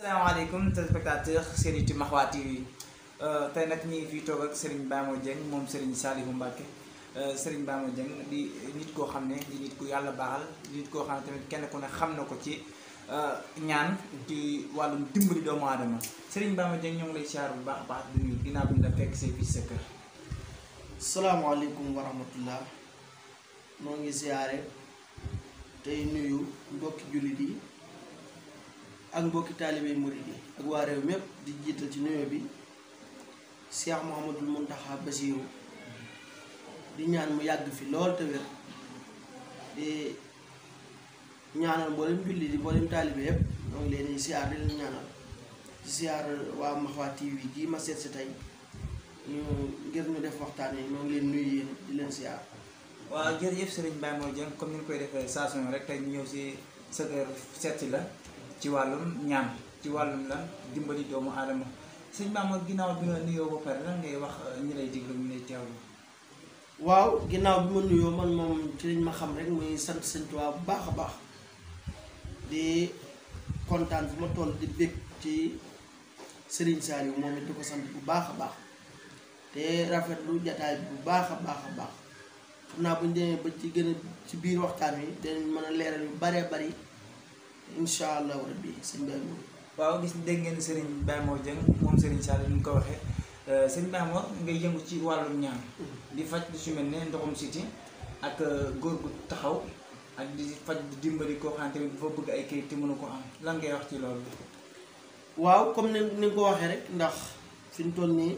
asalaamaaleykum téléspectateur seen YouTube Mahwa TV euh, tey nag ñu ngi fii toog ak Serigne Bamo Dieng moom Serigne Saliou Mbacke euh, Serigne Bamo Dieng di nit koo xam ne di nit ku yàlla baaxal di nit koo xam ne tamit kenn ku ne xam na ko ci euh, ñaan ci wàllum dimbali doomu aadama Serigne Bamo Dieng ñoo ngi lay siyaar bu baax a baax di nuyu ginnaaw bi ñu la fekk see fii sa kër. salaamaaleykum wa rahmatullah moo ngi siyaare tey nuyu mbokki jullit yi. ak mbokki taalibey murid yi ak waa réew mépp di jiital ci nuyoo bi Cheikh Mouhamadul Mountakha Bassirou di ñaan mu yàgg fi lool te wér di ñaanal mboolem julli di mboolem taalibe yépp ñoo ngi leen siyaar di leen ñaanal ci siyaar waa Mahwa TV gii ma seet si tey ñu ngir ñu def waxtaan yi ñoo ngi leen nuyu yéen di leen siyaar waaw jërëjëf Serigne Baye Mor Dieng comme ni ñu koy defee saa rek tey ñu ñëw si sa seet la ci walum ñaan ci walum lan dimbali doomu aadama sëñ Maama ginaaw bi nga nuyoo ba par lan ngay wax euh, ñi lay diglu ñu lay tawlu waaw ginaaw bi ma nuyoo man mom ci liñ ma xam rek muy sant sëñ tuwa bu baax baax di contane fu ma toll di bekk ci Serigne Saliou moom momi diko sant bu baax baax te rafet lu jotaay bu baax baax baax na naa bu ba ci gëna ci biir waxtaan yi dinañ mëna léral yu baree bari. incha allahu rabbi sëñ Baye Mor waaw gis dégg ngeen sëriñ Baye Mor Dieng moom sëriñ Sall ni ko waxee euh, sëriñ Baye Mor ngay yëngu ci wàllum ñaan mhm. di faj di si mel ni ndoxum siti ak euh, góor gu taxaw ak di faj di dimbali koo xamante ni dafa bëgg ay kayit te mënu ko am lan ngay wax ci loolu waaw comme ni ni nga ko waxee rek ndax fi ñu toll nii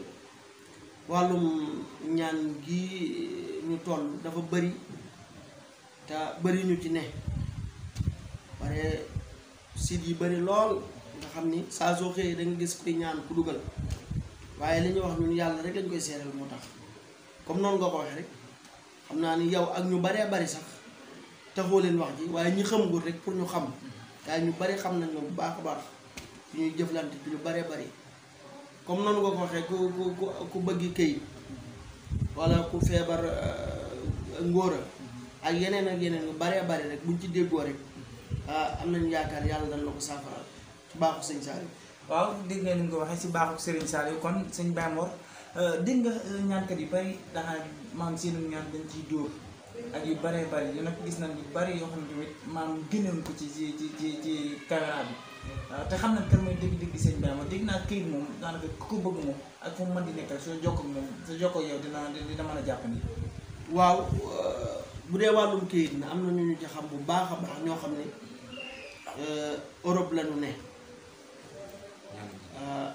wàllum ñaan gi ñu toll dafa bari te bëri ñu ci ne pare site yi bëri lool nga xam ni saa soo xëyee da gis kuy ñaan ku dugal waaye li ñuy wax ñun yàlla rek lañ koy seeral moo tax comme noonu nga ko waxee rek xam naa ni yow ak ñu baree bari sax taxoo leen wax ji waaye ñi xamul rek pour ñu xam waaye ñu bari xam nañu la bu baax a baax ñuy jëflante bi ñu baree bari comme noonu nga ko waxee ku ku ku bëgg këyit wala ku feebar euh, ngóora ak yeneen ak yeneen yu baree bari rek buñ ci déggoo rek. Ah, am nañu yaakaar yàlla dana la ko saafara ci baaxu sëñ Saliou. waaw dégg nga ni nga ko waxee si baaxu Serigne Saliou kon sëñ Baye Mor euh, dégg nga euh, ñaankat yu bari daanaka maam seenum ñaan dañ ci dóor ak yu baree bëri yu nag gis nañ yu bëri yoo xam ne tamit maam génnoon ko ci ci ci ci ci caméra bi ah, te xam na kan mooy dëgg-dëgg sëñ Baye Mor dégg naa këyit moom daanaka ku ko bëgg moom ak fu mu mën di nekkal soo jokkoo moom soo jokkoo ak dina dina mën a jàppandi. waaw. Euh, bu dee wàllum këyit na am na ñu ci xam bu baax a baax ñoo xam ne euh, Europe la ñu ne euh,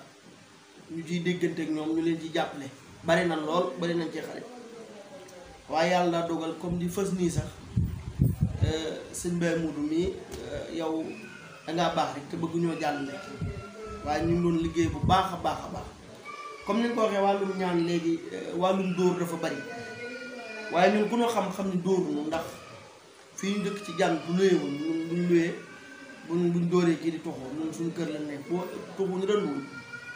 ñu ciy déggante ak ñoom ñu leen ci jàppale bari na lool bari nañ ci xarit waaye yàlla dogal comme di fës nii sax euh, sëñ Mbaye Moodu mii yow dangaa baax rek te bëgguñoo jàll rek waaye ñu ngi liggéey bu baax a baax a baax comme ni nga ko waxee wàllum ñaan léegi wàllum dóor dafa bari waaye ñun ku ñu xam xam ni dóoruñu ndax fii ñu dëkk ci jàng bu luyeewul ñun buñ luyee buñ dóoree kii di toxoo ñun suñu kër lañ ne boo toxu ñu randuwul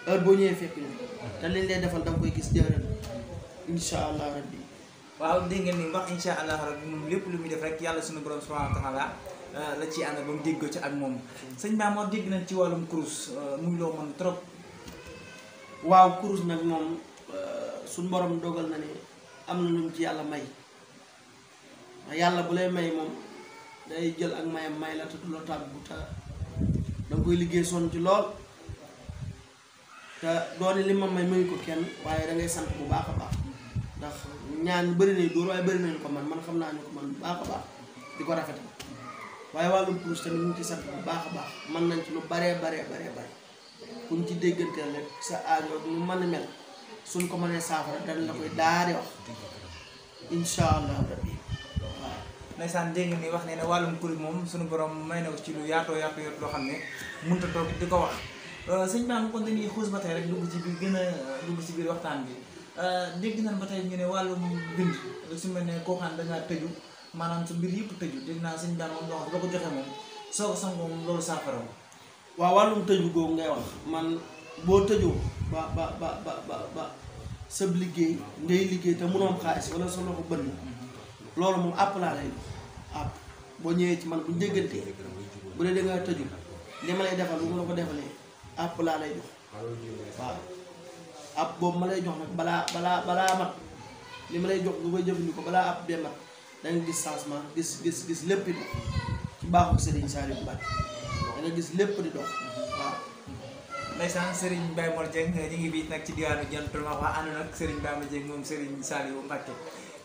heure boo ñëwee fekk ñu te liñ lay defal da koy gis jërën insha allah rabbi waaw dégg ngeen ni wax insha lu muy def rek yàlla suñu borom subhanahu wa euh, la ci ànd ba mu ci ak moom sëñ Mamour dégg nañ ci wàllum kurus euh, muy loo mën trop waaw kurus nag moom euh, suñu borom dogal na ne am na lum ci yàlla may yàlla bu lay may moom day jël ak mayam may la te du la tàggu te danga koy liggéey sonn ci lool te doone li ma may mayu ko kenn waaye da ngay sant bu baax a baax ndax ñaan bëri nañ dóor waaye bëri nañ ko man man xam naa ne ko man bu baax a baax di ko rafetal waaye wàllum kurus tamit ñu ngi ci sant bu baax a baax mën nañ ci lu baree baree baree bare kuñ ci dégganteel rek sa aajo nu mën a mel suñ ko mënee saafara dañ la koy daari wax incha allah rabbi waaw. ndeysaan dégg ni wax ne ne wàllum kuréel moom suñu borom may na ci lu yaatoo yaatoo yaatu loo xam ne mënut a toog di ko wax euh, sëñ Ba nga kon dañuy xuus ba rek dugg ci biir gën a dugg ci biir waxtaan bi euh, dégg nañ ba tey ñu ne wàllum bind su mel ne koo xam ne dangaa tëju maanaam su mbir yëpp tëju dégg naa sëñ Ba moom loo xam ko joxe moom soo ko sangoo moom loolu saafara waa wàllum tëju googu ngay wax man boo tëjoo ba ba ba ba ba. sa liggéey ngay liggéey te mënoo am xaalis wala sa loxo bënn loolu moom àpp laa lay àpp boo ñëwee ci man bu njëggantee bu dee da nga tëju li ma lay defal bu ma ko defalee àpp laa lay jox ma jox nag balaa balaa balaa mat ma lay jox nga koy jëfandikoo balaa àpp bee mat da nga gis changement gis gis gis lépp di dox ci baaxu Serigne Saliou Mbacké da nga gis lépp di dox Laisang sering bay jeng ñi ngi bi nak anu jeng jantul wa anu nak sering bay jeng mom sering saliw mbacke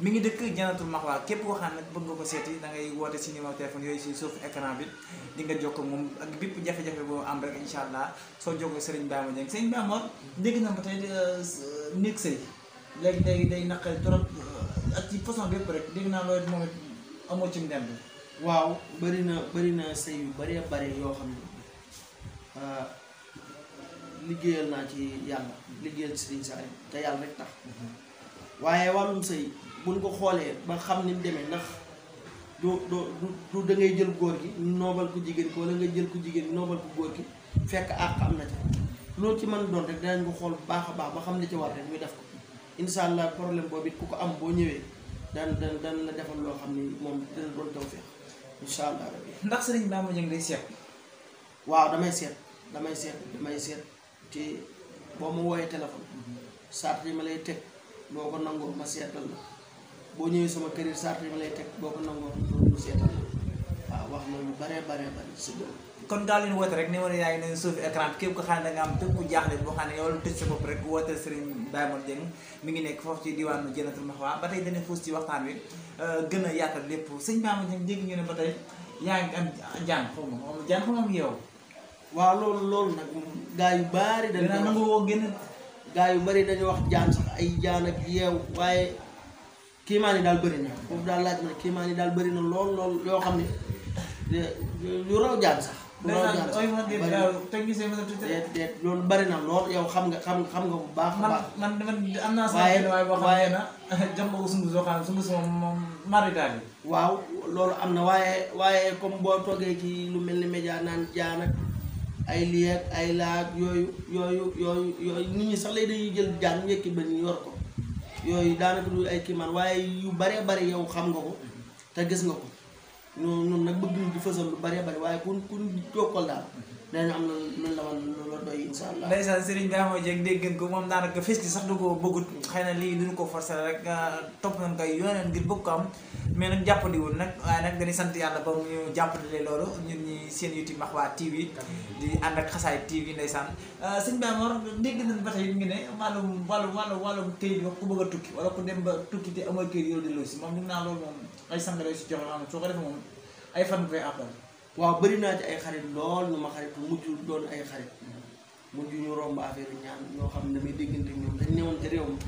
mi ngi dëkk janatul mahwa ke puwa kan nak bungo kosiati nang séti da ngay woté ci numéro téléphone yoy e kana bit. bi di nga jokk so joko sering bay jeng sering bay mor dégg na batay nek sey légui day day nakal torop ak ci façon bëpp rek dégg na loy mom amo ci waaw bari na beri na sayu, yu yo liggéeyal naa ci yàlla liggéeyal ci sa Saaliw te yàlla rek tax mhm. waaye wàllum sëy buñ ko xoolee ba xam ni demee ndax du du du da ngay jël góor gi noobal ko jigéen ko walla nga jël ko jigéen noobal ko góor gi fekk àq am na ca loolu ci man doon rek danañ ko xool bu baax a baax ba xam ne ci war rek ñu def ko incha allah problème boobu it ku ko am boo ñëwee daan dan daan la defal loo xam ni moom dina doon taw feex incha allah rabbi ndax sëriñ Bamba Dieng ngay seet waaw damay seet damay seet damay seet te boo ma wooyee téléphone mhm. sart yi ma lay teg boo ko nangoo ma seetal la boo ñëwee sama këriñ sart yi ma lay teg boo ko nangoo ma seetal la waaw wax na lu bare bare bare si loolu kon gaaw leen woote na numéro yaa ngi leen suuf écran képp ko xam ne da am tëb ku jaaxle boo xam ne yow la tëj sa bopp rek woote Serigne Baye Mor Dieng mi ngi nekk foofu ci diwaanu Jannatul Mahwa ba tey dana fuus ci waxtaan wi euh, gën a yaatal lépp sëñ Baye Mor Dieng dégg ñu ne ba tey yaa ngi am waaw loolu loolu nag gaa yu baari dañ koy nangu woo gaa yu bari dañu wax jaan sax ay jaan ak yeew waaye kiimaan yi daal bëri na foofu daal na kiimaan yi daal bëri na lool lool yoo xam ne yu raw jaan sax bari na lool yow xam nga xam xam nga bu baax baax man man am naa waaye boo xam ne jam ko sungu soo xam sungu soo moom marital yi waaw loolu am na waaye waaye comme boo toogee ci lu mel ni média naan jaan ak ay lii ay laag yooyu yooyu yooyu yooyu nit ñi sax lay dañuy jël jaan yekki ba ñu yor ko yooyu daanaka du ay kiimaan waaye yu baree bari yow xam nga ko te gis nga ko noonu noonu nag bëgg ñu di fësal lu baree bari waaye ku ku jokkal daal danañ am loolu la ma loolu doy incha allah. ndeysaan Serigne Gama Dieng ko moom daanaka fes gi sax du ko bëggut xëy na lii duñu ko forcer rek ah, topp nañ koy yooneen ngir bëgg ko am mais nag jàppandi nag waaye nag dañuy sant yàlla ba mu jàppandilee loolu ñun ñi seen YouTube Mahwa TV. di ànd ak xasaay TV ndeysaan. Ah, sëñ a dégg nañ ba tey ngi ne wàllum wàllum wàllum wàllum këyit wax ku bëgg a tukki wala ku dem ba tukki te amoo këyit yow di loo si moom ñu naan loolu moom ay sànq si jox maanaam soo ko defee moom ay fan koy àppal waaw bëri naa ci ay xarit lool ñu ma xarit mujj doon ay xarit mujj ñu romb affaire ñaan ñoo xam ne damay déggante ñoom dañ newoon ci réew mi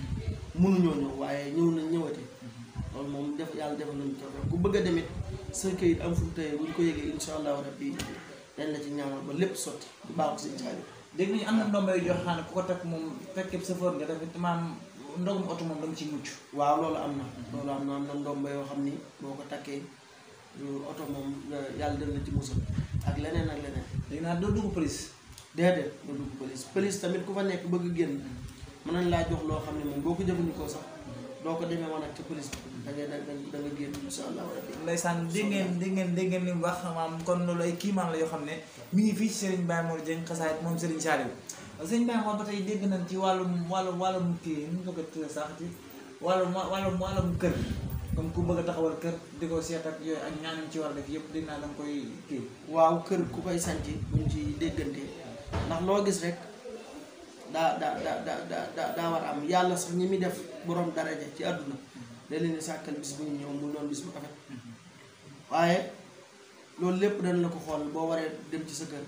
mënuñoo ñëw waaye ñëw nañ ñëwati loolu moom def yàlla defal nañu ku bëgg a demit sa këyit am fu mu tëye bu ñu ko la ci ñaanal ba lépp sotti di baaxul am na ndomba yu jox xaane ku ko takk moom fekkee sëfoor nga tamit maam ndogum oto moom da nga ci mucc. waaw loolu am na. loolu am na am na ndomba yoo xam ni boo ko takkee oto moom yàlla dem na ci musal ak leneen ak leneen. léegi nag doo dugg police. déedéet doo dugg police police tamit ku fa nekk bëgg génn mën nañ laa jox loo xam ne moom boo ko jëfandikoo sax doo ko demee woon ak ci police da ngay da da nga génn incha allah. ndeysaan dégg ngeen dégg ngeen dégg ngeen li mu wax kon loolu ay yoo xam ne mi ngi fii ci Serigne moo Mor Dieng xasaayit moom Serigne Saliou Serigne Baye Mor ba tey dégg nañ ci wàllum wàllum wàllum kii nu ñu ko gëstoo sax ci wàllum wàllum wàllum kër. comme ku bëgg a taxawal kër di ko seet ak yooyu ak ci war def yëpp dinaa da nga koy kii. waaw kër ku koy sant buñ ci déggante ndax loo gis rek daa daa daa daa daa am yàlla sax ñi muy def borom daraja ci àdduna da leen di sàkkal bis bu ñu ñëw mu doon bis bu rafet waaye loolu lépp dañ la ko xool boo waree dem ci sa kër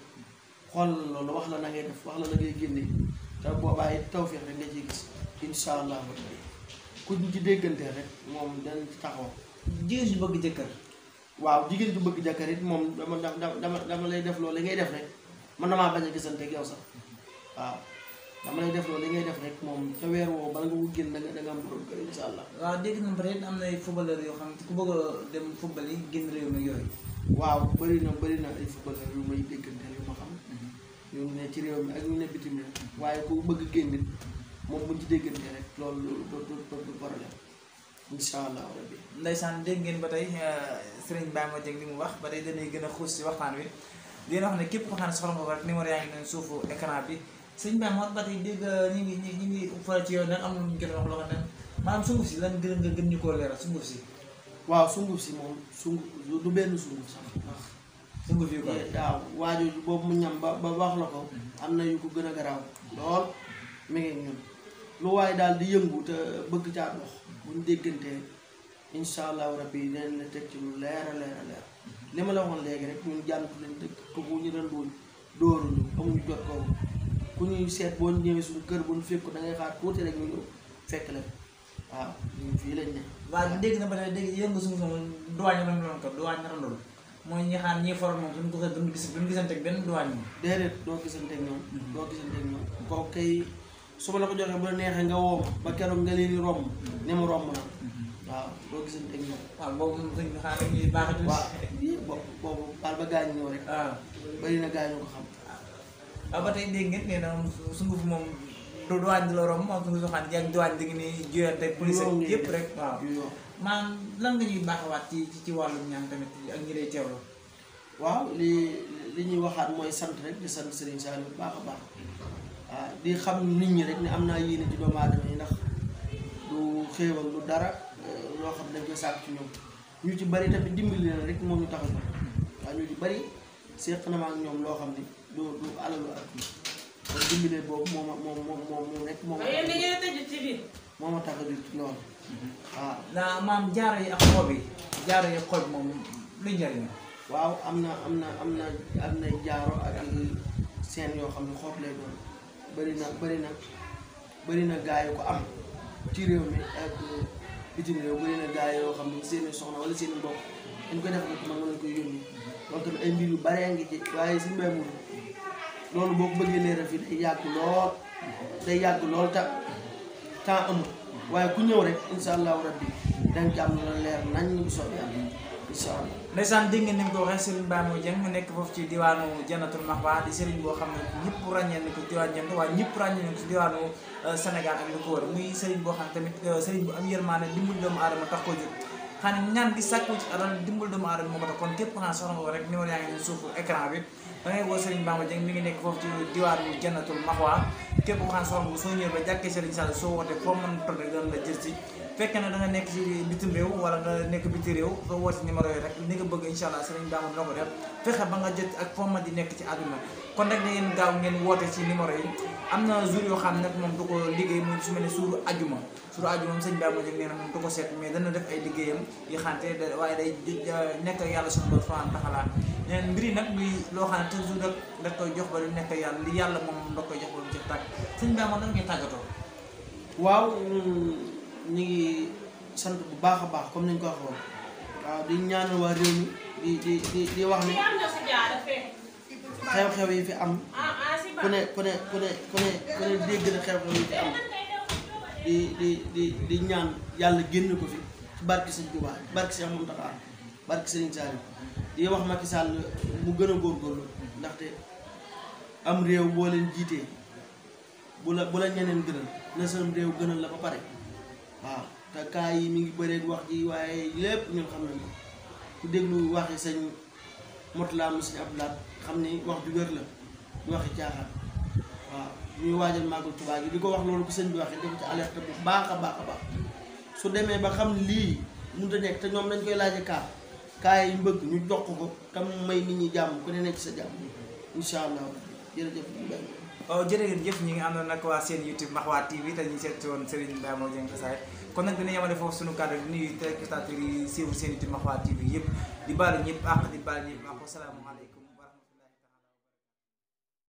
xool loolu wax la na ngay def wax la na ngay génne te boobaa it tawféex rek nga ciy gis incha allah. ku ñu ci déggante rek moom dañ ci taxaw. jigéen ju bëgg jëkkër. waaw jigéen ju bëgg jëkkër it moom dama dama dama lay def loolu ngay def rek man damaa bañ a gisante ak yow sax waaw dama def loolu li ngay def rek moom ca woo bala nga ko génn da nga da nga am allah. waaw dégg nañ peut-être am na ay footballeur yoo xam ne ku bëgg a dem football yi génn réew mi yooyu. waaw bëri na ay footballeur yu may déggante yu ma xam. ñu mhm. ne ci réew mi ak ñu ne bitim réew waaye ku bëgg génn moom buñ ci déggante rek loolu loolu loolu problème incha allah rabbi. ndaysaan dégg ngeen ba tey euh, sëriñ Ba ma jëg li mu wax ba tey dañuy gën a si waxtaan wi dina wax ne képp ko xam ne soxla nga ko rek bi sëriñ Ba moom ba tey dégg euh, ñu ngi ci yow nan am na lu a wax loo si lan gën gën ñu koo leeral sunguf si. waaw sunguf si moom sunguf du benn sunguf sax ndax. sunguf yi quoi eh, waaw waajur boobu mu ñam ba ba wax la ko. Mm-hmm. am na yu ko gën a garaaw lool mi ngi ñun lu waaye daal di yëngu te bëgg caa bu ñu déggantee incha allahu rabbi dinañ la teg ci lu leer a li ma la waxoon léegi rek ñun jàng lañ dëkk tugu ñu rënduñ dóoruñu jot kaw ku ñuy seet boo suñu kër bu ñu fekk da ngay xaar tuuti ñu fekk la waaw ñun fii lañ ne. waaw dégg na ba tey dégg yëngu suñu sama duwaañ la ñu doon ko duwaañ la doon mooy ñi xaar ñi forom moom suñu ko xëy duñu gis duñu gisante ak benn duwaañ moom. déedéet doo gisante ak ñoom. doo gisante ak ñoom kooku kay. su ma la ko joxee bu la neexee nga woo ma ba keroog nga leen di romb ni mu romb na waaw boobu baax. ba gaañ ñëw rek. waaw ah. bëri na gaañu ko xam. waaw ah, ba tey dégg ngeen nee sunguf moom du duwaañ di la romb moom sunguf soo xam ne duwaañ di ngeen di juyante ak yëpp rek waaw. maanaam lan nga baaxawaat ci ci wàllum ñaan tamit ak ñi lay waaw li li ñuy waxaat mooy sant rek di sant Serigne Saliou bu baax baax. di xam nit ñi rek ne am naa yéene ci doomu yi ndax du xéewal dara euh, loo xam dañ koy sàkk ci ci bari tamit dimbali rek moom ñu tax a bari seq na ñoom loo xam ne du du alalu moo tax a jug lool. waaw la maam jaaro yi ak xob yi jaaro yi ak xob moom lu njëriñ waaw am na am na am na am na jaaro ak seen yoo xam ne xoot lay doon. bëri na bëri na bëri na gaa yu ko am ci réew mi ak bitim réew bëri na gaa yoo xam ne seen soxna wala seen mbokk dañ koy def rek man mën na koy yónni loolu ngi ci waaye suñu mbay moom loolu boo ko bëggee leeral fii day yàgg lool day yàgg lool temps amul waaye ku ñëw rek incha allahu rabbi dañ ci am lu leer nañ ñu ko soobee yàlla incha allah ndeysaan dégg ni mu ko waxee Serigne Baye Mor nekk foofu ci diwaanu Jannatul Mahwa di Serigne boo xam ne ñëpp ràññee nañ ko ci diwaanu Jannatul waaye ñëpp ràññee nañ ko ci diwaanu euh, Sénégal ak lu ko wër muy Serigne boo xam tamit euh, Serigne bu am yërmaane dimbali doomu aadama tax ko jóg xanaa ñaan gi sàkku ci alal dimbali doomu aadama moo ko kon képp xanaa soxla nga ko rek numéro yaa ngi suufu écran bi da ngay woo Serigne Baye Mor Dieng mi ngi nekk foofu ci diwaanu Jannatul Mahwa képp ku xaas soxla soo ñëwee ba jàkkee Serigne Saliou na soo ngeen gaaw def ay liggéeyam yi xante waaye day nekk yàlla suñu borom subhanahu wa neen mbiri nag luy loo xam ne toujours rek da koy jox ba lu nekk yàlla li yàlla moom da koy jox ba lu jox Baraka sëñ tàggatoo. waaw ñun ñu ngi sant bu baax a baax comme nañ ko waxee di ñaanal waa réew mi wax ne xew-xew yi fi am ku ne ku ne ku ne ku ne ku ne dégg na xew-xew yi fi am di di di ñaan yàlla génn ko fi ci barke sëñ Touba barke sëñ Mountakha barke sëñ Saliou di wax Macky Sall mu gën a góorgóorlu ndaxte am réew boo leen jiitee bu la bu la ñeneen gënal na sam réew gënal la ba pare waaw te kaa yi mi ngi du wax ji waaye lépp ñun xam nañu ku déglu waxi sëñ Murtala si ab laat xam ni wax ju wér la du waxi caaxaan waaw ñuy waajal màggal Tuubaa gi di ko wax loolu ko sëñ bi waxee def ci alerte bu baax a baax a baax su demee ba xam lii mënut a nekk te ñoom dañ koy laaje kaa kaa yi mbëgg ñu jox ko tam may nit ñi jàmm ku ne nekk sa jàmm incha allah jërëjëf ñu Oh, jërë ngeen jëf ñi ngi àndoon nag waa seen YouTube Mahwa TV te ñu seet woon Serigne Ndamo Dieng Kassaye kon nag dina yemale foofu sunu kàddu di nuyu téléspectateurs siiw seen YouTube Mahwa TV yëpp di baalu ñëpp àq di baalu ñëpp àq salaamaaleykum